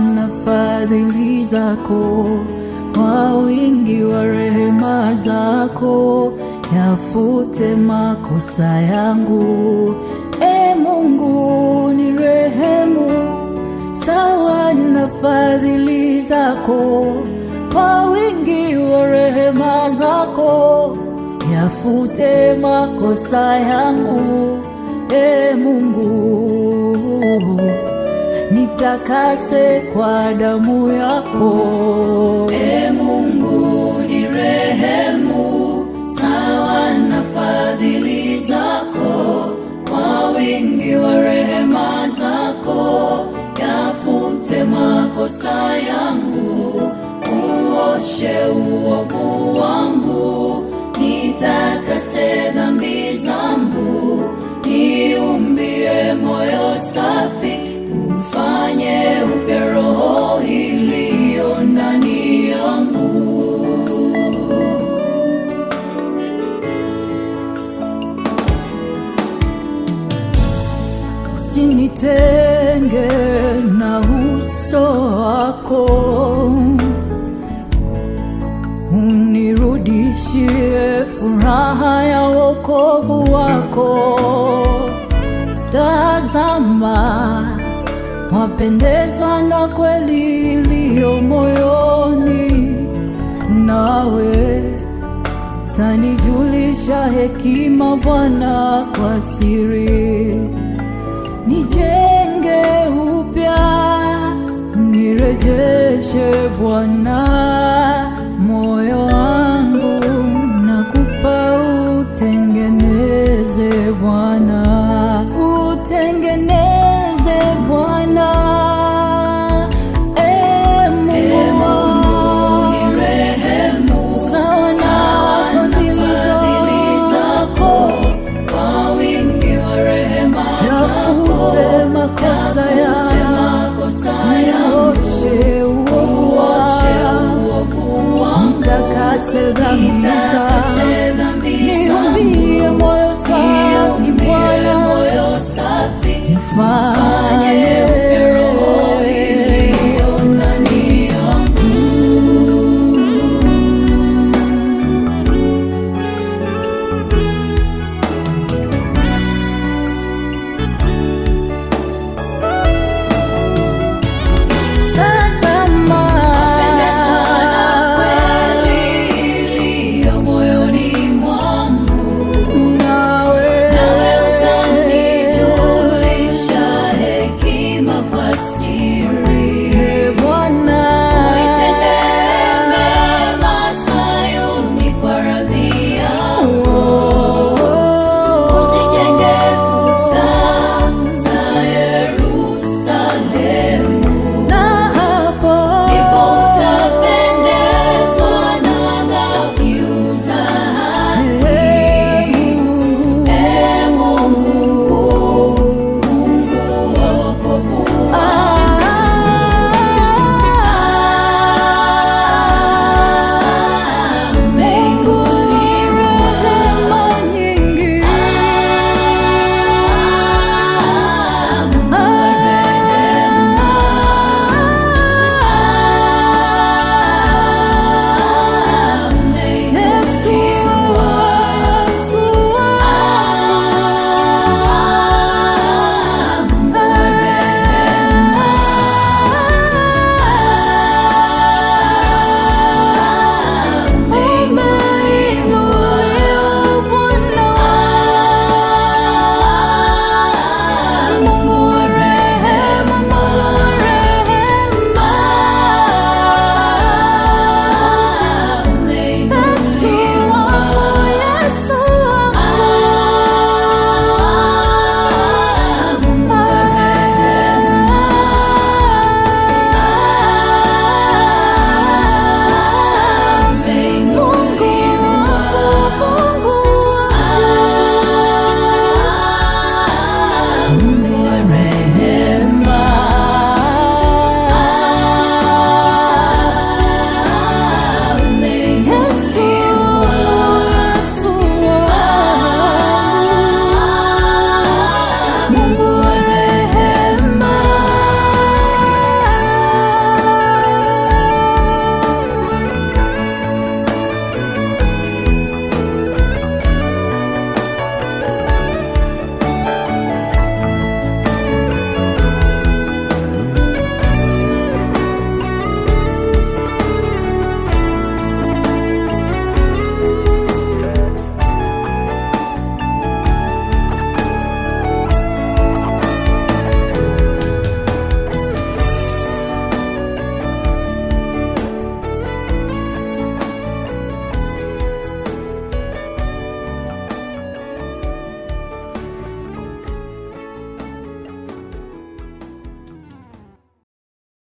na fadhili zako, kwa wingi wa rehema zako yafute makosa yangu. E Mungu, ni rehemu sawa na fadhili zako, kwa wingi wa rehema zako yafute makosa yangu. E Mungu nitakase kwa damu yako. E Mungu ni rehemu sawa na fadhili zako, kwa wingi wa rehema zako yafute makosa yangu, uoshe uovu wangu, nitakase dhambi usinitenge na uso wako, unirudishie furaha ya wokovu wako. Tazama, wapendezwa na kweli iliyo moyoni, nawe julisha hekima Bwana kwa siri nijenge upya, nirejeshe Bwana moyo wangu, na kupa utengeneze Bwana, utengeneze dhambi zangu